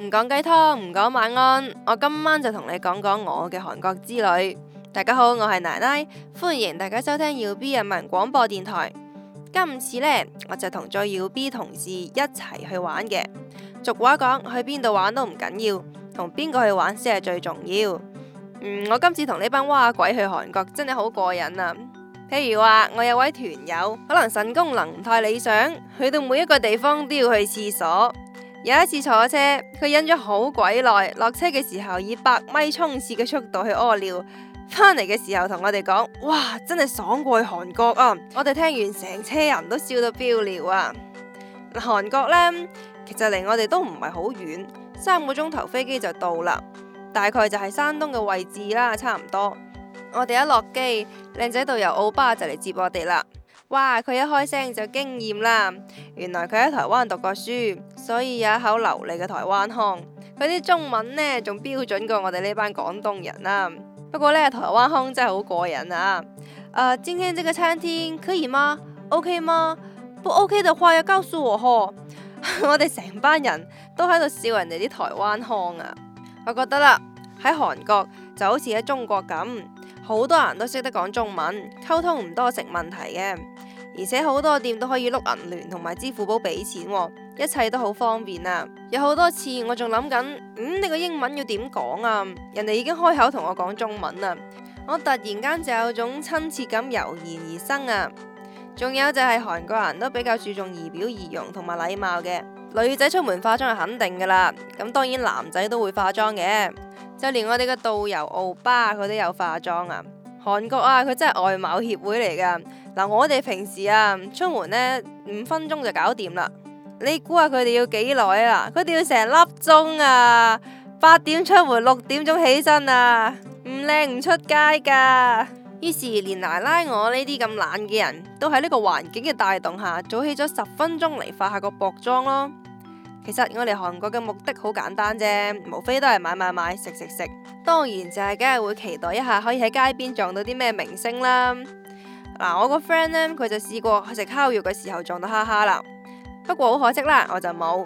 唔講雞湯，唔講晚安，我今晚就同你講講我嘅韓國之旅。大家好，我係奶奶，歡迎大家收聽耀 B 人民廣播電台。今次呢，我就同咗耀 B 同事一齊去玩嘅。俗話講，去邊度玩都唔緊要，同邊個去玩先係最重要。嗯，我今次同呢班蛙鬼去韓國，真係好過癮啊！譬如話，我有位團友，可能腎功能太理想，去到每一個地方都要去廁所。有一次坐車，佢忍咗好鬼耐，落車嘅時候以百米衝刺嘅速度去屙尿，返嚟嘅時候同我哋講：哇，真係爽過去韓國啊！我哋聽完成車人都笑到飆尿啊！韓國呢，其實離我哋都唔係好遠，三個鐘頭飛機就到啦，大概就係山東嘅位置啦，差唔多。我哋一落機，靚仔導遊歐巴就嚟接我哋啦。哇！佢一開聲就驚艷啦，原來佢喺台灣讀過書，所以有一口流利嘅台灣腔，佢啲中文呢仲標準過我哋呢班廣東人啊。不過呢，台灣腔真係好過癮啊！啊，今天這個餐廳可以嗎？OK 嗎？不 OK 的話要告訴我呵！ 」我哋成班人都喺度笑人哋啲台灣腔啊！我覺得啦，喺韓國就好似喺中國咁。好多人都識得講中文，溝通唔多成問題嘅。而且好多店都可以碌銀聯同埋支付寶俾錢，一切都好方便啊！有好多次我仲諗緊，嗯，你個英文要點講啊？人哋已經開口同我講中文啦，我突然間就有種親切感油然而生啊！仲有就係韓國人都比較注重儀表儀容同埋禮貌嘅，女仔出門化妝係肯定噶啦，咁當然男仔都會化妝嘅。就連我哋嘅導遊歐巴佢都有化妝啊！韓國啊，佢真係外貌協會嚟噶。嗱，我哋平時啊出門咧五分鐘就搞掂啦。你估下佢哋要幾耐啊？佢哋要成粒鐘啊！八點出門，六點鐘起身啊，唔靚唔出街噶。於是，連奶奶我呢啲咁懶嘅人都喺呢個環境嘅帶動下，早起咗十分鐘嚟化下個薄妝咯。其實我嚟韓國嘅目的好簡單啫，無非都係買買買、食食食，當然就係梗係會期待一下可以喺街邊撞到啲咩明星啦。嗱、啊，我個 friend 呢，佢就試過去食烤肉嘅時候撞到哈哈啦。不過好可惜啦，我就冇。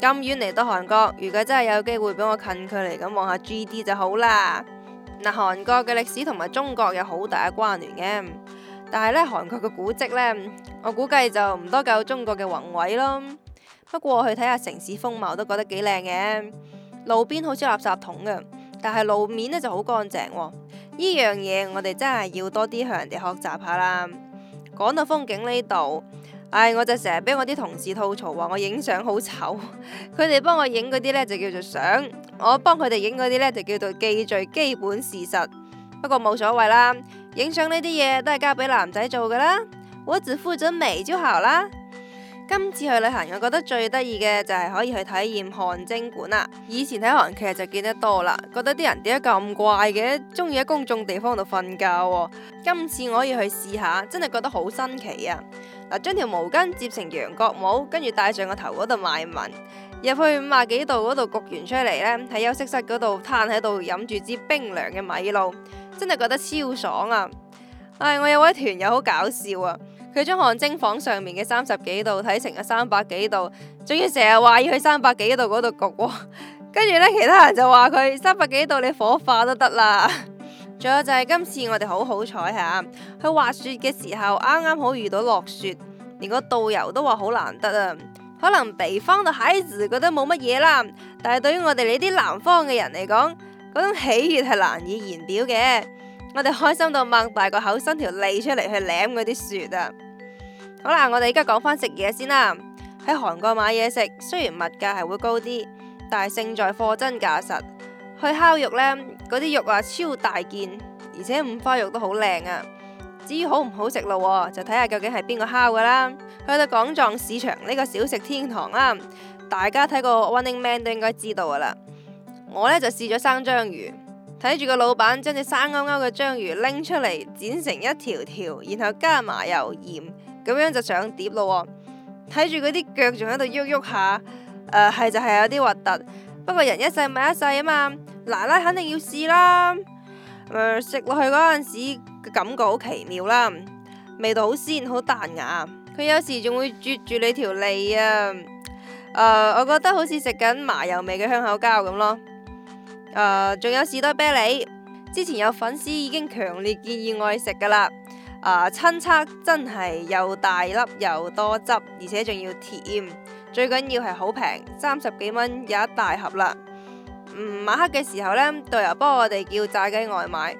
咁遠嚟到韓國，如果真係有機會俾我近距離咁望下 GD 就好啦。嗱、啊，韓國嘅歷史同埋中國有好大嘅關聯嘅，但係呢，韓國嘅古蹟呢，我估計就唔多夠中國嘅宏偉咯。不過去睇下城市風貌都覺得幾靚嘅，路邊好似垃圾桶嘅，但係路面呢就好乾淨。呢樣嘢我哋真係要多啲向人哋學習下啦。講到風景呢度，唉，我就成日俾我啲同事吐槽話我影相好醜，佢哋幫我影嗰啲呢就叫做相，我幫佢哋影嗰啲呢就叫做記敘基本事實。不過冇所謂啦，影相呢啲嘢都係交俾男仔做噶啦，我只負責美就好啦。今次去旅行，我覺得最得意嘅就係可以去體驗汗蒸館啦。以前睇韓劇就見得多啦，覺得啲人點解咁怪嘅，中意喺公眾地方度瞓覺喎。今次我可以去試下，真係覺得好新奇啊！嗱，將條毛巾折成羊角帽，跟住戴上個頭嗰度賣文，入去五廿幾度嗰度焗完出嚟呢，喺休息室嗰度攤喺度飲住支冰涼嘅米露，真係覺得超爽啊！唉，我有位團友好搞笑啊！佢將汗蒸房上面嘅三十幾度睇成啊三百幾度，仲要成日話要去三百幾度嗰度焗，哦 呢，跟住咧其他人就話佢三百幾度你火化都得啦。仲有就係今次我哋好好彩吓，去滑雪嘅時候啱啱好遇到落雪，連個導遊都話好難得啊！可能北方嘅孩子覺得冇乜嘢啦，但係對於我哋呢啲南方嘅人嚟講，嗰種喜悅係難以言表嘅。我哋開心到擘大個口，伸條脷出嚟去舐嗰啲雪啊！好啦，我哋而家講翻食嘢先啦。喺韓國買嘢食，雖然物價係會高啲，但係勝在貨真價實。去烤肉呢，嗰啲肉啊超大件，而且五花肉都好靚啊。至於好唔好食咯，就睇下究竟係邊個烤噶啦。去到廣藏市場呢個小食天堂啦，大家睇過《Running Man》都應該知道噶啦。我呢就試咗生章魚。睇住個老闆將隻生勾勾嘅章魚拎出嚟，剪成一條條，然後加麻油鹽，咁樣就上碟咯喎！睇住佢啲腳仲喺度喐喐下，誒、呃、係就係有啲核突。不過人一世咪一世啊嘛，奶奶肯定要試啦。誒食落去嗰陣時嘅感覺好奇妙啦，味道好鮮好彈牙，佢有時仲會啜住你條脷啊！誒、呃，我覺得好似食緊麻油味嘅香口膠咁咯～誒，仲、呃、有士多啤梨，之前有粉絲已經強烈建議我食噶啦，誒、呃，親測真係又大粒又多汁，而且仲要甜，最緊要係好平，三十幾蚊有一大盒啦。嗯、呃，晚黑嘅時候呢，導遊幫我哋叫炸雞外賣。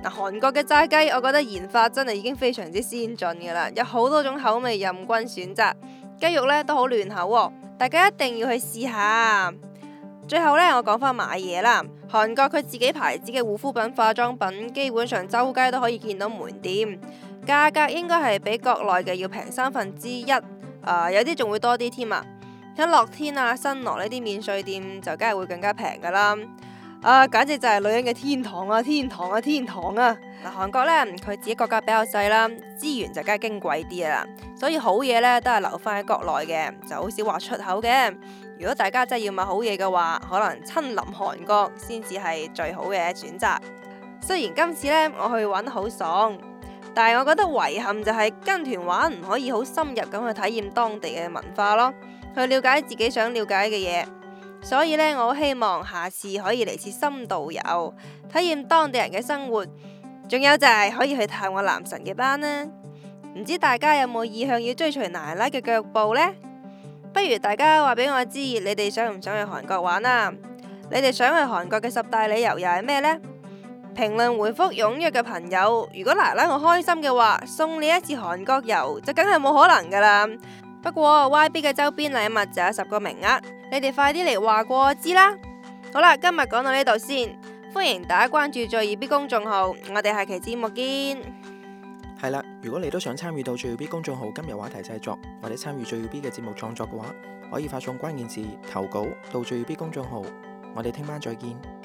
嗱、呃，韓國嘅炸雞，我覺得研發真係已經非常之先進噶啦，有好多種口味任君選擇，雞肉呢都好嫩口，大家一定要去試下。最後咧，我講翻買嘢啦。韓國佢自己牌子嘅護膚品、化妝品，基本上周街都可以見到門店，價格應該係比國內嘅要平三分之一，啊、呃，有啲仲會多啲添啊。喺樂天啊、新羅呢啲免稅店就梗係會更加平噶啦。啊、呃，簡直就係女人嘅天堂啊，天堂啊，天堂啊！嗱，韓國咧，佢自己國家比較細啦，資源就梗係矜貴啲啊。所以好嘢咧都係留翻喺國內嘅，就好少話出口嘅。如果大家真係要買好嘢嘅話，可能親臨韓國先至係最好嘅選擇。雖然今次呢我去玩好爽，但係我覺得遺憾就係跟團玩唔可以好深入咁去體驗當地嘅文化咯，去了解自己想了解嘅嘢。所以呢，我希望下次可以嚟次深度遊，體驗當地人嘅生活。仲有就係可以去探我男神嘅班呢。唔知大家有冇意向要追隨奶奶嘅腳步呢？不如大家話俾我知，你哋想唔想去韓國玩啊？你哋想去韓國嘅十大理由又係咩呢？評論回覆踊躍嘅朋友，如果奶奶我開心嘅話，送你一次韓國遊就梗係冇可能噶啦。不過 Y B 嘅周邊禮物就有十個名額，你哋快啲嚟話過我知啦。好啦，今日講到呢度先，歡迎大家關注最耀 B 公眾號，我哋下期節目見。係啦，如果你都想參與到最耀 B 公眾號今日話題製作，或者參與最耀 B 嘅節目創作嘅話，可以發送關鍵字投稿到最耀 B 公眾號。我哋聽晚再見。